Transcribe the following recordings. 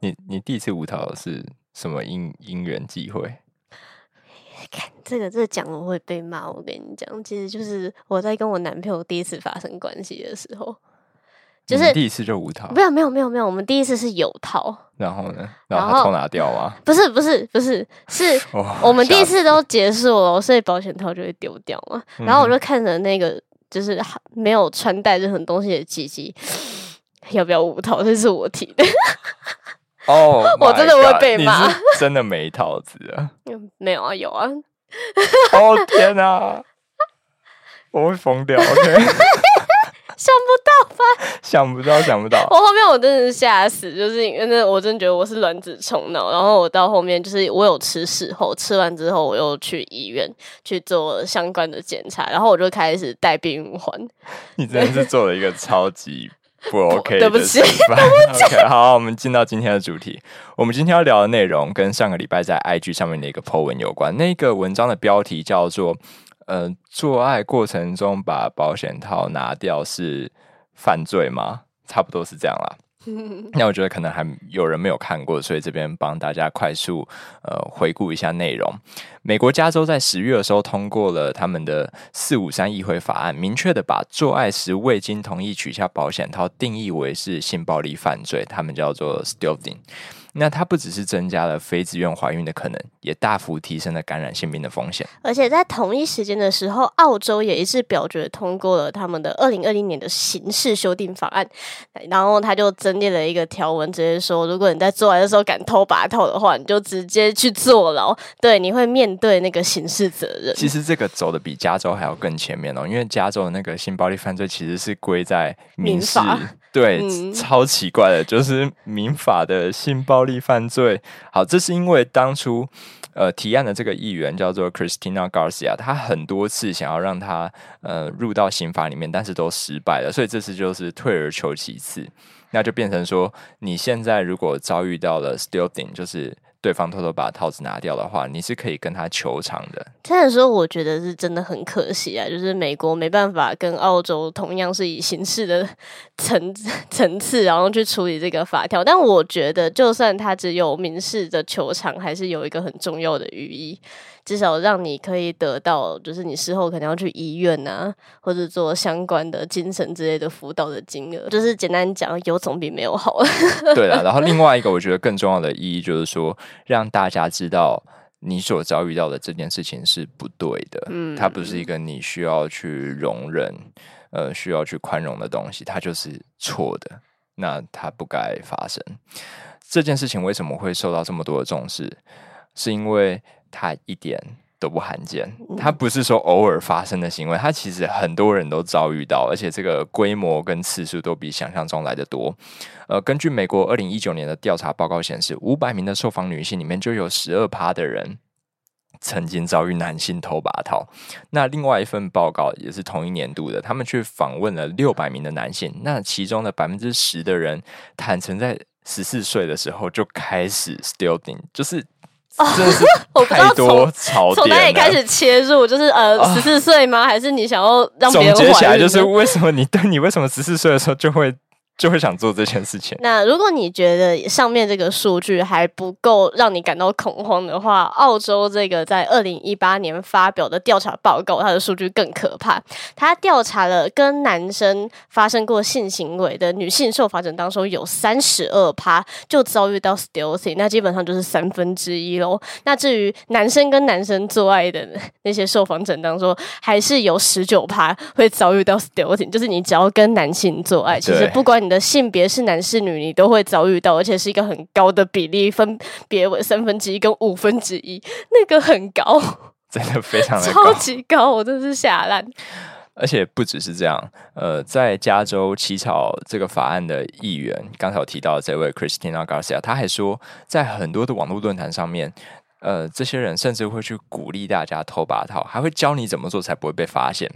你你第一次無套是什麼因因緣際會？看這個這個、講我會被罵，我跟你講，其實就是我在跟我男朋友第一次發生關係的時候，就是，是第一次就無套。沒有沒有沒有沒有，我們第一次是有套。然後呢？然後他偷拿掉啊？不是不是不是，是、哦、我們第一次都結束了，所以保險套就會丟掉嘛。然後我就看着那個、嗯、就是沒有穿戴任何東西的機器，要不要無套？這、就是我提的。 哦、oh，我真的會被罵。你是真的沒套子啊？有 沒有啊，有啊。哦、 oh, 天吶、啊，我會瘋掉。OK，想不到吧？ 想不到，想不到。我後面我真的是嚇死，就是因為那我真的覺得我是卵子充腦。然後我到後面就是我有吃事後，吃完之後我又去醫院去做相關的檢查，然後我就開始戴避孕環。 你真的是做了一個超級。不 OK，對不起，對不起、okay，好，我們進到今天的主題。 我們今天要聊的內容跟上個禮拜在 IG 上面的一個 po 文有關。那個文章的標題叫做“呃，做愛過程中把保險套拿掉是犯罪嗎？”差不多是這樣啦。 那我覺得可能還有人沒有看過，所以這邊幫大家快速呃回顧一下內容。美國加州在十月的時候通過了他們的四五三議會法案，明確的把做愛時未經同意取下保險套定義為是性暴力犯罪，他們叫做 stealthing。那它不只是增加了非自願懷孕的可能，也大幅提升了感染性病的風險。而且在同一時間的時候，澳洲也一致表決通過了他們的二零二零年的刑事修訂法案，然後他就增列了一個條文，直接說，如果你在做愛的時候敢偷拔套的話，你就直接去坐牢。對，你會面對。對那個刑事責任，其實這個走的比加州還要更前面哦，因為加州的那個性暴力犯罪其實是歸在民事法，對、嗯，超奇怪的，就是民法的性暴力犯罪。好，這是因為當初呃提案的這個議員叫做 Christina Garcia，他很多次想要讓他呃入到刑法裡面，但是都失敗了，所以這次就是退而求其次，那就變成說你現在如果遭遇到了 stealthing，就是。對方偷偷把套子拿掉的話，你是可以跟他求償的。這樣說，我覺得是真的很可惜啊！就是美國沒辦法跟澳洲同樣是以刑事的層層次，然後去處理這個法條。但我覺得，就算他只有民事的求償，還是有一個很重要的寓意。至少讓你可以得到，就是你事後可能要去醫院啊，或者做相關的精神之類的輔導的金額。就是簡單講，有總比沒有好。 對了，啊，然後另外一個我覺得更重要的意義就是說，讓大家知道你所遭遇到的這件事情是不對的，嗯，它不是一個你需要去容忍、呃，需要去寬容的東西，它就是錯的，那它不該發生。這件事情為什麼會受到這麼多的重視？是因為。它一點都不罕見，它不是說偶爾發生的行為，它其實很多人都遭遇到，而且這個規模跟次數都比想象中來得多。呃，根據美國二零一九年的調查報告顯示，五百名的受訪女性裡面就有十二趴的人曾經遭遇男性偷拔套。那另外一份報告也是同一年度的，他們去訪問了六百名的男性，那其中的百分之十的人坦承在十四歲的時候就開始 stealthing，就是。真的是，我從從哪裡開始切入？就是呃，十四歲嗎？還是你想要讓別人總結起來？就是為什麼你對你為什麼十四歲的時候就會？就會想做這件事情。那如果你覺得上面這個數據還不夠讓你感到恐慌的話，澳洲這個在二零一八年發表的調查報告，它的數據更可怕。它調查了跟男生發生過性行為的女性受訪者當中，有32，有三十二趴就遭遇到 stealthing，那基本上就是三分之一嘍。那至於男生跟男生做愛的那些受訪者當中，還是有十九趴會遭遇到 stealthing，就是你只要跟男性做愛，其實不管你。你的性別是男是女，你都會遭遇到，而且是一個很高的比例，分別為三分之一跟五分之一，那個很高。哦，真的非常的高，超級高，我真的是嚇爛。而且不只是這樣，呃，在加州起草這個法案的議員剛才有提到這位 Christina Garcia，他還說，在很多的網絡論壇上面，呃，這些人甚至會去鼓勵大家偷拔套，還會教你怎麼做才不會被發現。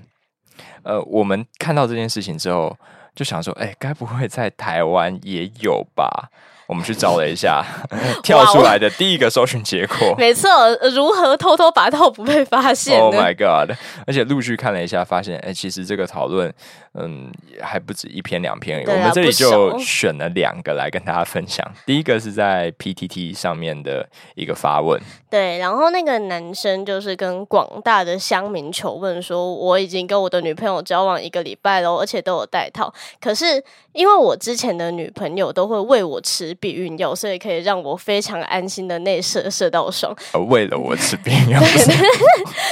呃，我們看到這件事情之後。就想說，哎、欸，該不會在台灣也有吧？ 我們去找了一下，跳出來的第一個搜尋結果。沒錯，如何偷偷拔套不被發現？Oh my god！而且陸續看了一下，發現哎、欸，其實這個討論，嗯，還不止一篇兩篇，啊。我們這裡就選了兩個來跟大家分享。第一個是在 PTT 上面的一個發問，對，然後那個男生就是跟廣大的鄉民求問說，我已經跟我的女朋友交往一個禮拜了，而且都有戴套，可是因為我之前的女朋友都會餵我吃。避孕藥，所以可以讓我非常安心的內射射到爽。為了我吃避孕藥， 對對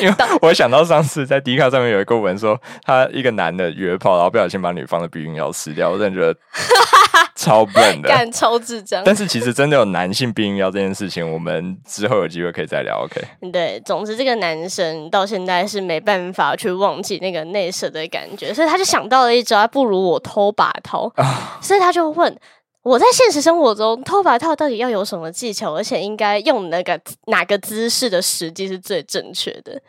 對，因為我想到上次在 D 卡上面有一個文說，他一個男的約炮，然後不小心把女方的避孕藥吃掉，我真的覺得超笨的， 超智障。但是其實真的有男性避孕藥這件事情，我們之後有機會可以再聊。OK，對，總之這個男生到現在是沒辦法去忘記那個內射的感覺，所以他就想到了一招，不如我偷拔套， 所以他就問。我在現實生活中偷拔套到底要有什麼技巧？而且應該用那個哪個姿勢的時機是最正確的？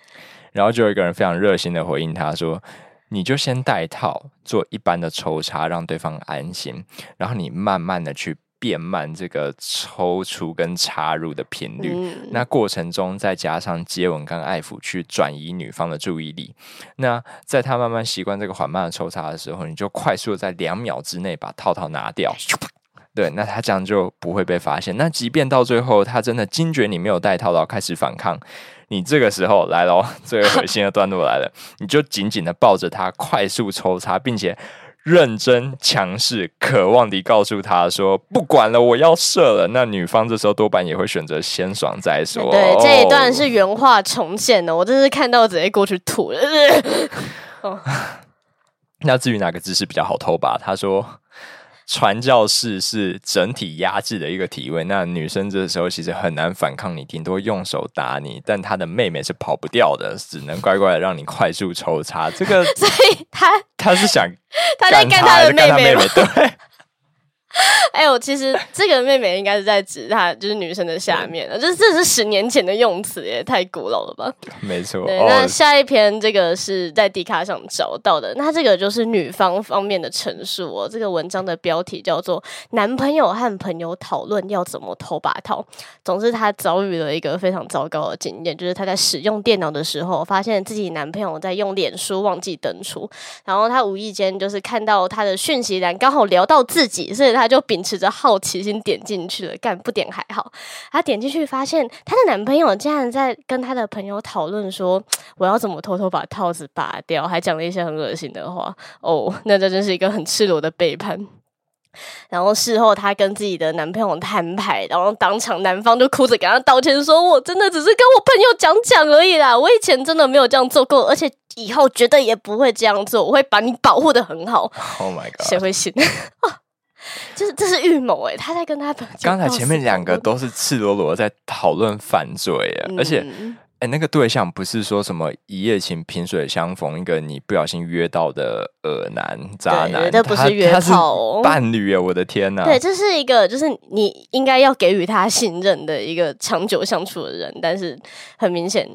然後就有一個人非常熱心的回應他說：“你就先戴套做一般的抽插，讓對方安心。然後你慢慢的去變慢這個抽出跟插入的頻率、嗯。那過程中再加上接吻跟愛撫，去轉移女方的注意力。那在她慢慢習慣這個緩慢的抽插的時候，你就快速在兩秒之內把套套拿掉。”對，那他這樣就不會被發現。那即便到最後，他真的驚覺你沒有戴套，然後開始反抗，你這個時候來了，最噁心的段落來了， 你就緊緊的抱着他，快速抽插，並且認真、強勢、渴望的告訴他說：“不管了，我要射了。”那女方這時候多半也會選擇先爽再說。對，對，這一段是原話重現的，我真是看到我直接過去吐了。呃、 那至於哪個姿勢比較好偷拔，他說。傳教士是整體壓制的一個體位，那女生這時候其實很難反抗你，你頂多用手打你，但她的妹妹是跑不掉的，只能乖乖的讓你快速抽插。這個，所以她她是想她在幹她的妹妹，妹，妹，對。哎呦，我其實這個妹妹應該是在指她，就是女生的下面， 就是這是十年前的用詞也太古老了吧？沒錯、哦。那下一篇這個是在迪卡上找到的，那這個就是女方方面的陳述哦。這個文章的標題叫做《男朋友和朋友討論要怎麼偷拔套》，總之她遭遇了一個非常糟糕的經驗，就是她在使用電腦的時候，發現自己男朋友在用臉書忘記登出，然後她無意間就是看到他的訊息欄，剛好聊到自己，所以她，她就秉持着好奇心點進去了，幹，不點還好，她點進去發現她的男朋友竟然在跟她的朋友討論說，我要怎麼偷偷把套子拔掉，還講了一些很噁心的話。哦、oh，那這真是一個很赤裸的背叛。然後事後她跟自己的男朋友攤牌，然後當場男方就哭着跟她道歉說，說我真的只是跟我朋友講講而已啦，我以前真的沒有這樣做過，而且以後絕對也不會這樣做，我會把你保護得很好。Oh my god，誰會信？ 就是這是預謀哎、欸，他在跟他剛才前面兩個都是赤裸裸在討論犯罪、嗯、而且哎、欸，那個對象不是說什麼一夜情萍水相逢，一個你不小心約到的惡男渣男，對，這不是約砲，他他是伴侶啊，我的天哪、啊，對，這是一個就是你應該要給予他信任的一個長久相處的人，但是很明顯。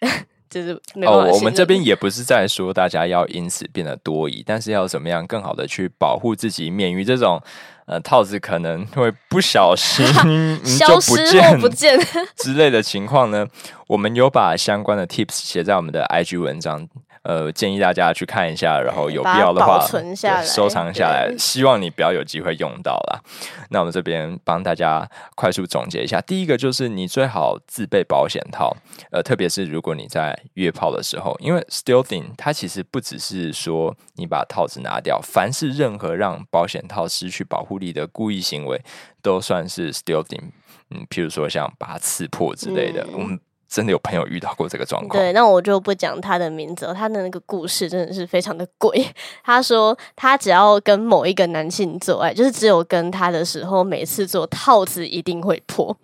就是哦，我們這邊也不是在說大家要因此變得多疑， 但是要怎麼樣更好的去保護自己，免於這種呃套子可能會不小心就不見、消失不見 之類的情況呢？我們有把相關的 tips 寫在我們的 IG 文章。呃，建議大家去看一下，然後有必要的話，存下來收藏下來。希望你不要有機會用到啦。那我們這邊幫大家快速總結一下，第一個就是你最好自備保險套，呃，特別是如果你在約炮的時候，因為 stealthing 它其實不只是說你把套子拿掉，凡是任何讓保險套失去保護力的故意行為，都算是 stealthing。嗯，譬如說像把它刺破之類的，嗯。真的有朋友遇到過這個狀況，對，那我就不講他的名字了，他的那個故事真的是非常的詭異。他說他只要跟某一個男性做愛，就是只有跟他的時候，每次做套子一定會破。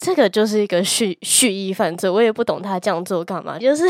這個就是一個蓄蓄意犯罪，我也不懂他這樣做幹嘛。就是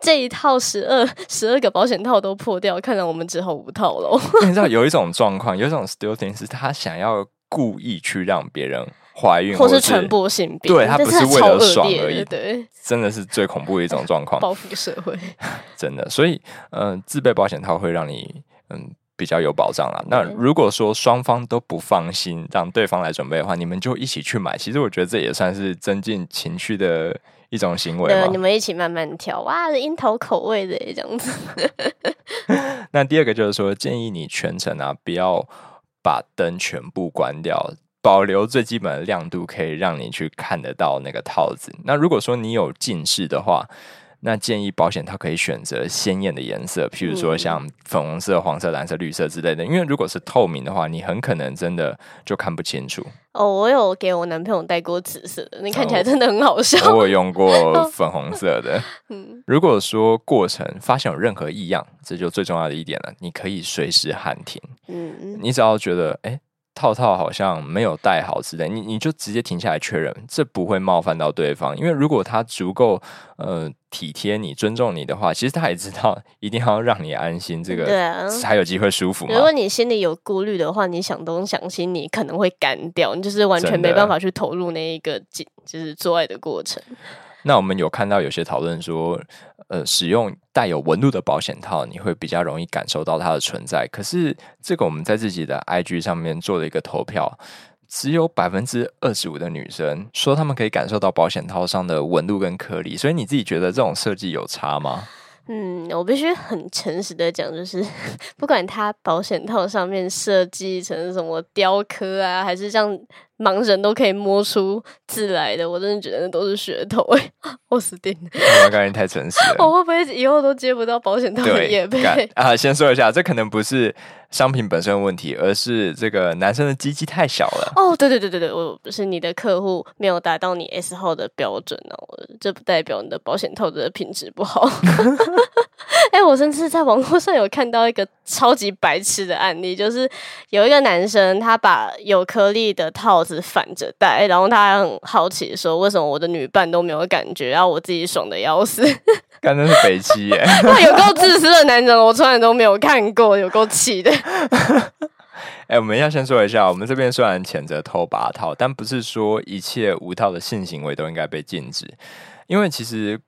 這一套十二十二個保險套都破掉，看來我們只好無套了。你知道有一種狀況，有一種 story 是，他想要故意去讓別人，懷孕或是傳播性病，對他，他不是為了爽而已，對，真的是最恐怖的一種狀況。報 復社會， 真的，所以，嗯、呃，自備保險套會讓你，嗯，比較有保障啦。嗯、那如果說雙方都不放心，讓對方來準備的話，你們就一起去買。其實我覺得這也算是增進情趣的一種行為。對，你們一起慢慢挑，哇，是櫻桃口味的耶，這樣子 那第二個就是說，建議你全程啊，不要把燈全部關掉。保留最基本的亮度，可以讓你去看得到那個套子。那如果說你有近視的話，那建議保險套可以選擇鮮豔的顏色，譬如說像粉紅色、黃色、藍色、綠色之類的。因為如果是透明的話，你很可能真的就看不清楚。哦，我有給我男朋友戴過紫色的，嗯，你看起來真的很好笑。我有用過粉紅色的。 嗯，如果說過程發現有任何異樣，這就最重要的一點了。你可以隨時喊停。嗯，你只要覺得哎。欸套套好像沒有戴好之類，你你就直接停下來確認，這不會冒犯到對方，因為如果他足夠呃體貼你、尊重你的話，其實他也知道一定要讓你安心，這個對啊，才有機會舒服。如果你心裡有顧慮的話，你想東想西，你可能會乾掉，你就是完全沒辦法去投入那一個就是做愛的過程。那我們有看到有些討論說，呃，使用帶有紋路的保險套，你會比較容易感受到它的存在。可是，這個我們在自己的 IG 上面做了一個投票，只有百分之二十五的女生說他們可以感受到保險套上的紋路跟顆粒。所以，你自己覺得這種設計有差嗎？嗯，我必須很誠實的講，就是不管它保險套上面設計成什麼雕刻啊，還是像。盲人都可以摸出字來的，我真的覺得那都是噱頭。欸，我死定了！我剛才太誠實，我會不會以後都接不到保險套的業配？啊，先說一下，這可能不是商品本身的問題，而是這個男生的機器太小了。哦，對對對對對，我是你的客戶，沒有達到你 S 號的標準呢，啊，我這不代表你的保險套的品質不好。 哎、欸，我甚至在網絡上有看到一個超級白痴的案例，就是有一個男生他把有顆粒的套子反着戴，然後他還很好奇說為什麼我的女伴都沒有感覺，然後我自己爽的要死。剛才是北七耶！那 有夠自私的男人，我從來都沒有看過，有夠氣的。哎、欸，我們要先說一下，我們這邊雖然譴責偷拔套，但不是說一切無套的性行為都應該被禁止，因為其實。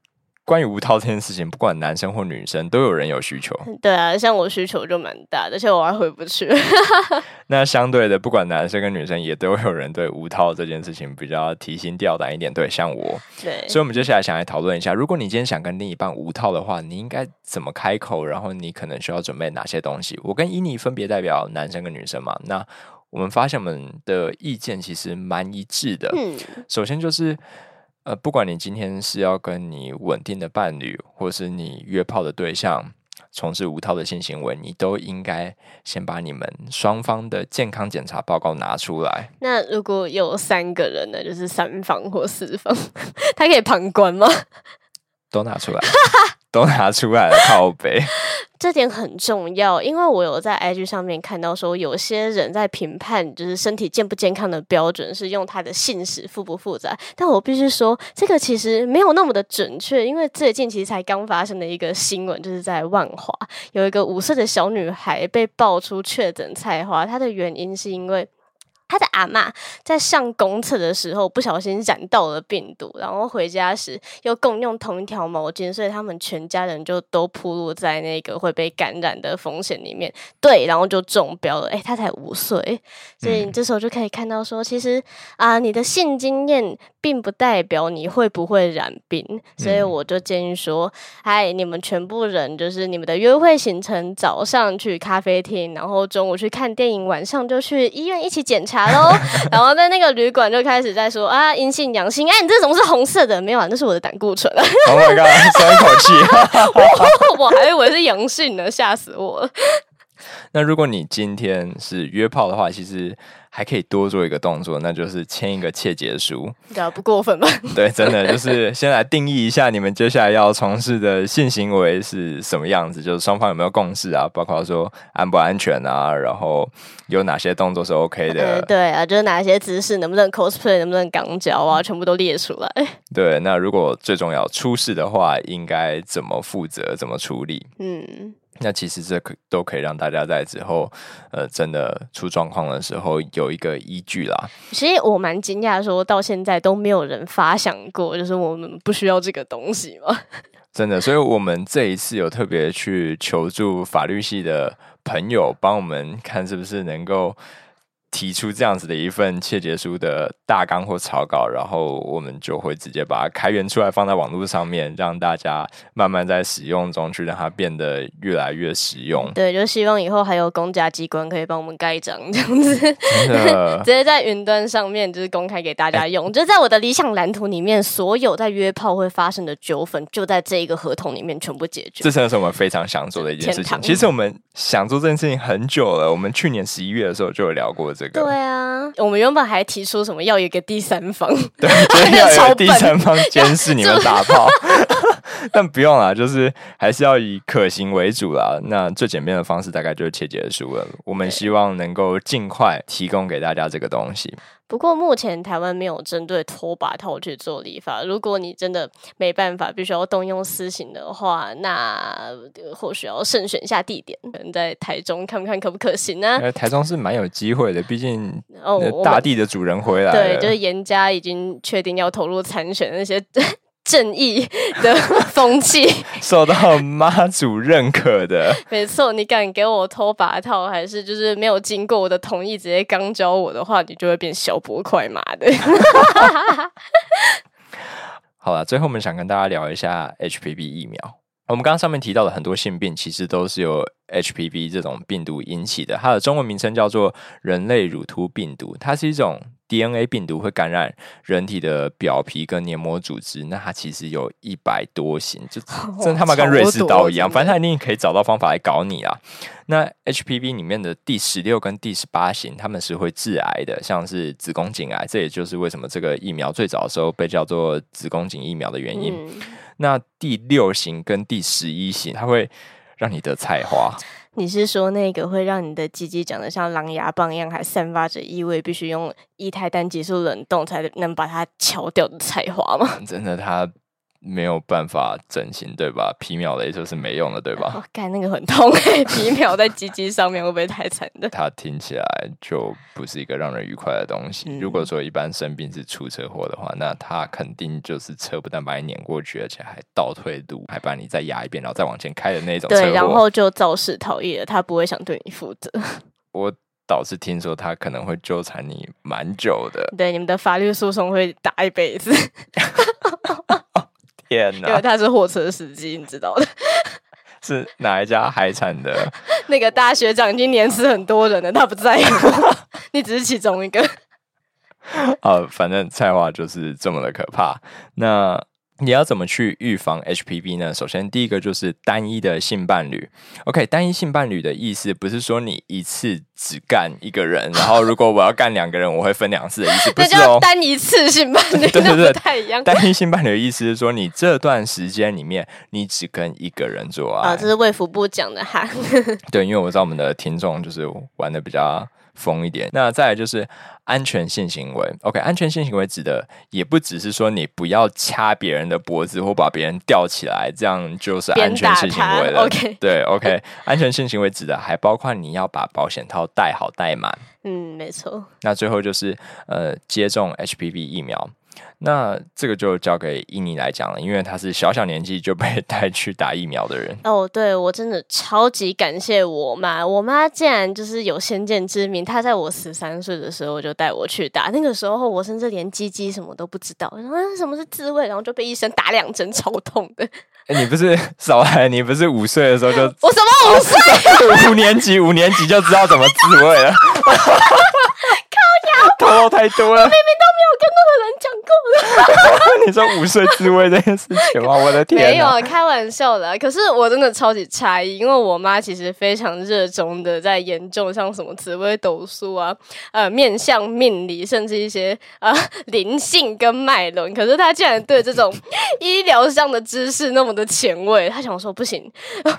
關於無套這件事情，不管男生或女生，都有人有需求。對啊，像我需求就蠻大的，而且我還回不去、 嗯。那相對的，不管男生跟女生，也都有人對無套這件事情比較提心吊膽一點。對，像我。對，所以，我們接下來想來討論一下，如果你今天想跟另一半無套的話，你應該怎麼開口？然後，你可能需要準備哪些東西？我跟伊妮分別代表男生跟女生嘛。那我們發現我們的意見其實蠻一致的。嗯，首先就是。呃，不管你今天是要跟你穩定的伴侶，或是你約炮的對象，從事無套的性行為，你都應該先把你們雙方的健康檢查報告拿出來。那如果有三個人呢，就是三方或四方， 他可以旁觀嗎？都拿出來。 都拿出來的靠背，這點很重要，因為我有在 IG 上面看到說，有些人在評判就是身體健不健康的標準是用他的性史複不複雜，但我必須說，這個其實沒有那麼的準確，因為最近其實才剛發生的一個新聞，就是在萬華有一個五歲的小女孩被爆出確診菜花，她的原因是因為。他的阿嬤在上公廁的時候不小心染到了病毒，然後回家時又共用同一條毛巾，所以他們全家人就都暴露在那個會被感染的風險裡面。對，然後就中標了。哎、欸，他才五歲，所以你這時候就可以看到說，其實啊、呃，你的性經驗並不代表你會不會染病。所以我就建議說，嗨、嗯，你們全部人就是你們的約會行程，早上去咖啡廳，然後中午去看電影，晚上就去醫院一起檢查。茶嘍，然後在那個旅館就開始在說啊，陰性、陽性，哎，你這怎麼是紅色的？沒有啊，那是我的膽固醇啊。Oh my God，我剛剛鬆一口氣 我我，我還以為是陽性呢，嚇死我了。那如果你今天是約炮的話，其實還可以多做一個動作，那就是簽一個切結書，對啊，不過分吧？ 對，真的就是先來定義一下你們接下來要從事的性行為是什麼樣子，就是雙方有沒有共識啊，包括說安不安全啊，然後有哪些動作是 OK 的，欸、對啊，就是哪些姿勢能不能 cosplay，能不能肛交啊，全部都列出來。對，那如果最重要出事的話，應該怎麼負責，怎麼處理？嗯。那其實這可都可以讓大家在之後，呃，真的出狀況的時候有一個依據啦。其實我蠻驚訝說，到現在都沒有人發想過，就是我們不需要這個東西嗎？ 真的，所以我們這一次有特別去求助法律系的朋友，幫我們看是不是能夠，提出這樣子的一份切結書的大綱或草稿，然後我們就會直接把它開源出來，放在網絡上面，讓大家慢慢在使用中去讓它變得越來越實用。對，就希望以後還有公家機關可以幫我們蓋章，這樣子、嗯、 直接在雲端上面就是公開給大家用、欸。就在我的理想藍圖裡面，所有在約炮會發生的糾紛，就在這一個合同裡面全部解決。這真的是我們非常想做的一件事情。其實我們想做這件事情很久了。我們去年十一月的時候就有聊過這個。這個、對啊，我們原本還提出什麼要有一個第三方，對，對，對， 要一個第三方監視你們打炮。 就 但不用啦，就是還是要以可行為主啦。那最簡便的方式大概就是切結書了。我們希望能夠儘快提供給大家這個東西。不過目前台灣沒有針對偷拔套去做立法。如果你真的沒辦法，必須要動用私刑的話，那或許要慎選一下地點，可能在台中看不看可不可行呢？啊呃？台中是蠻有機會的，畢竟大地的主人回來，oh,，對，就是嚴家已經確定要投入參選那些。 正義的風氣 受到媽祖認可的， 沒錯。你敢給我偷拔套，還是就是沒有經過我的同意直接肛交我的話，你就會變小波快嘛的。 好了，最後我們想跟大家聊一下 HPV 疫苗。我們剛剛上面提到的很多性病，其實都是由 HPV 這種病毒引起的。它的中文名稱叫做人類乳突病毒，它是一種。DNA 病毒會感染人體的表皮跟黏膜組織，那它其實有一百多型，就真他媽跟瑞士刀一樣，反正它一定可以找到方法來搞你啊。那 HPV 裡面的第十六跟第十八型，它們是會致癌的，像是子宮頸癌，這也就是為什麼這個疫苗最早的時候被叫做子宮頸疫苗的原因。嗯、那第六型跟第十一型，它會讓你得菜花。你是說那個會讓你的雞雞長得像狼牙棒一樣，還散發着異味，必須用液態氮急速冷凍才能把它敲掉的菜花嗎？真的他。沒有辦法整形對吧？皮秒的也就是沒用的，對吧？我、哦、幹那個很痛欸、皮秒在雞雞上面 會不會太慘的？它聽起來就不是一個讓人愉快的東西、嗯。如果說一般生病是出車禍的話，那他肯定就是車不但把你碾過去，而且還倒退路，還把你再壓一遍，然後再往前開的那種車禍。對，然後就肇事逃逸了，他不會想對你負責。我倒是聽說他可能會糾纏你蠻久的。對，你們的法律訴訟會打一輩子。 天吶！因為他是貨車司機，你知道的。是哪一家海產的？ 那個大學長已經連死很多人了，他不在乎， 你只是其中一個。啊、 uh，反正菜花就是這麼的可怕。那。你要怎麼去預防 HPV 呢？首先，第一個就是單一的性伴侶。OK，單一性伴侶的意思不是說你一次只幹一個人， 然後如果我要幹兩個人，我會分兩次的意思， 不是哦？叫單一次性伴侶， 對對對，不太一樣。單一性伴侶的意思是說，你這段時間裡面你只跟一個人做啊、哦。這是衛福部講的哈。 對，因為我知道我們的聽眾就是玩得比較。瘋一點，那再來就是安全性行為。OK，安全性行為指的也不只是說你不要掐別人的脖子或把別人吊起來，這樣就是安全性行為了。OK，對，OK， 安全性行為指的還包括你要把保險套戴好戴滿。嗯，沒錯。那最後就是呃，接種 HPV 疫苗。那這個就交給印尼來講了，因為他是小小年紀就被帶去打疫苗的人。哦、oh，對我真的超級感謝我媽，我媽竟然就是有先見之明，她在我十三歲的時候就帶我去打。那個時候我甚至連雞雞什麼都不知道，什麼是滋味，然後就被醫生打兩針，超痛的。哎、欸，你不是少來，你不是五歲的時候就我什麼五歲、啊？五年級， 五年級就知道怎麼滋味了。 套路太多了，我明明都沒有跟那個人講過的。 你說五歲自慰這件事情嗎？我的天、啊，沒有啊，開玩笑的、啊。可是我真的超級詫異，因為我媽其實非常熱衷的在研究像什麼紫薇斗數啊、呃，面相命理，甚至一些呃靈性跟脈輪。可是她竟然對這種醫療上的知識那麼的前衛，她想說不行，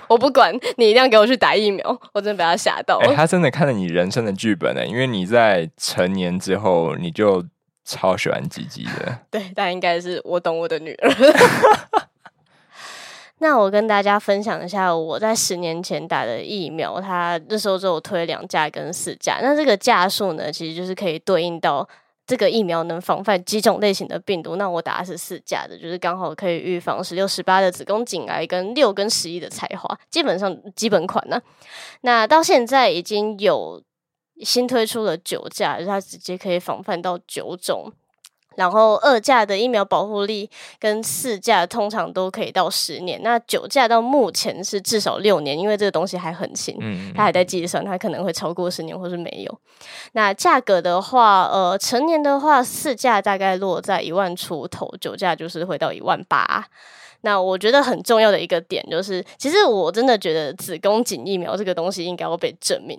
我不管你一定要給我去打疫苗。我真的被她嚇到了、欸。她真的看了你人生的劇本呢，欸，因為你在成年之後你就。超喜歡雞雞的， 對，但應該是我懂我的女兒。 那我跟大家分享一下，我在十年前打的疫苗，它那時候就推兩價跟四價。那這個價數呢，其實就是可以對應到這個疫苗能防範幾種類型的病毒。那我打的是四價的，就是剛好可以預防十六、十八的子宮頸癌跟六跟十一的菜花，基本上基本款呢、啊。那到現在已經有。新推出了九價，它直接可以防範到九種。然後二價的疫苗保護力跟四價通常都可以到十年。那九價到目前是至少六年，因為這個東西還很新，嗯，它還在計算，它可能會超過十年，或是沒有。那價格的話，呃，成年的話，四價大概落在一萬出頭，九價就是會到一萬八。那我覺得很重要的一個點就是，其實我真的覺得子宮頸疫苗這個東西應該要被正名。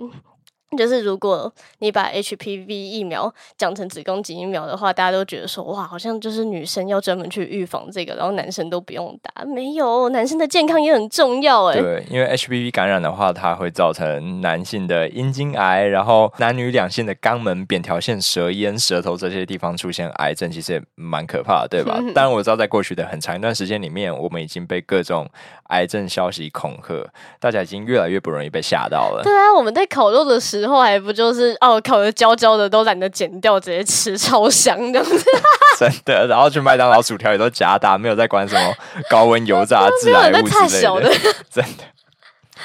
就是如果你把 HPV 疫苗講成子宮頸疫苗的話，大家都覺得說哇，好像就是女生要專門去預防這個，然後男生都不用打。沒有，男生的健康也很重要。哎，對，因為 HPV 感染的話，它會造成男性的陰莖癌，然後男女兩性的肛門、扁桃腺、舌咽、舌頭這些地方出現癌症，其實也蠻可怕的，對吧？當 然我知道，在過去的很長一段時間裡面，我們已經被各種癌症消息恐嚇，大家已經越來越不容易被嚇到了。對啊，我們在烤肉的時。之後還不就是哦，烤的焦焦的，都懶得剪掉，直接吃，超香，這樣子。 真的，然後去麥當勞薯條也都夾打，沒有再管什麼高溫油炸 致癌物之類的。 真的，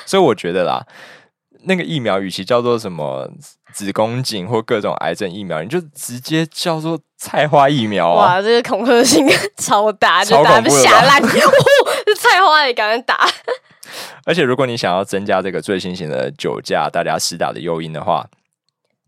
所以我覺得啦，那個疫苗與其叫做什麼子宮頸或各種癌症疫苗，你就直接叫做菜花疫苗啊。哇，這個恐嚇性超大，就大家都嚇爛，就 是菜花也敢打。而且，如果你想要增加這個最新型的九價，大家施打的誘因的話，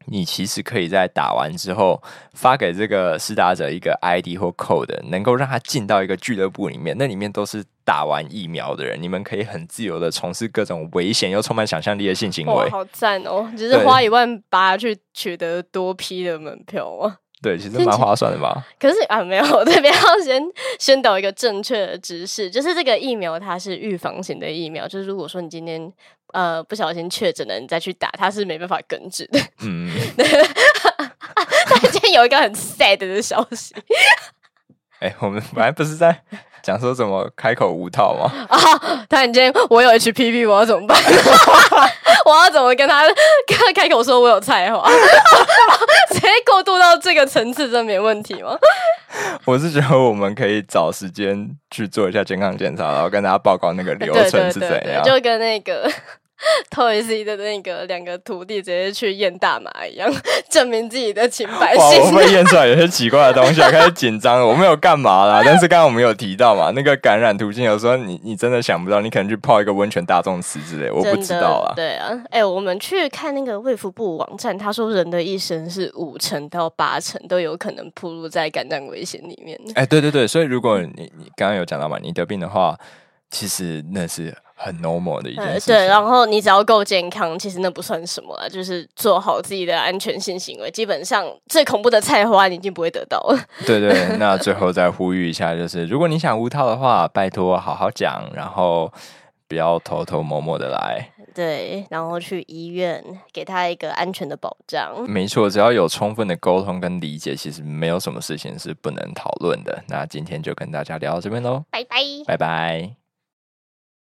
你其實可以在打完之後發給這個施打者一個 ID 或 code，能夠讓他進到一個俱樂部裡面。那裡面都是打完疫苗的人，你們可以很自由的從事各種危險又充滿想象力的性行為。哇，好讚哦！只、就是花一萬八去取得多 P 的門票哦、啊對，其實蠻划算的吧？可是啊，沒有，我這邊要先宣導一個正確的知識，就是這個疫苗它是預防型的疫苗，就是如果說你今天呃不小心確診了，你再去打，它是沒辦法根治的。嗯，突然間有一個很 sad 的消息 欸。我們本來不是在講說怎麼開口無套嗎？啊，突然間我有 HPV 我要怎麼辦？ 我要怎麼跟他跟他開口說我有菜花？直接過渡到這個層次真沒問題嗎 ？我是覺得我們可以找時間去做一下健康檢查，然後跟大家報告那個流程是怎樣？對對對對對，就跟那個。 偷自 C 的那個兩個徒弟直接去驗大麻一樣，證明自己的清白性。哇！我會驗出來有些奇怪的東西，我 開始緊張。我沒有幹嘛啦，但是剛剛我們有提到嘛，那個感染途徑，有時候你你真的想不到，你可能去泡一個溫泉大眾池之類，我不知道啊。對啊，哎、欸，我們去看那個衛福部網站，他說人的一生是五成到八成都有可能暴露在感染危險裡面。哎、欸，對對對，所以如果你你剛剛有講到嘛，你得病的話，其實那是。很 normal 的一件事，嗯。對，然後你只要夠健康，其實那不算什麼，就是做好自己的安全性行為，基本上最恐怖的菜花，你已經不會得到了。 對對，那最後再呼籲一下，就是如果你想無套的話，拜托好好講，然後不要偷偷摸摸的來。對，然後去醫院給他一個安全的保障。沒錯，只要有充分的溝通跟理解，其實沒有什麼事情是不能討論的。那今天就跟大家聊到這邊嘍，拜拜，拜拜。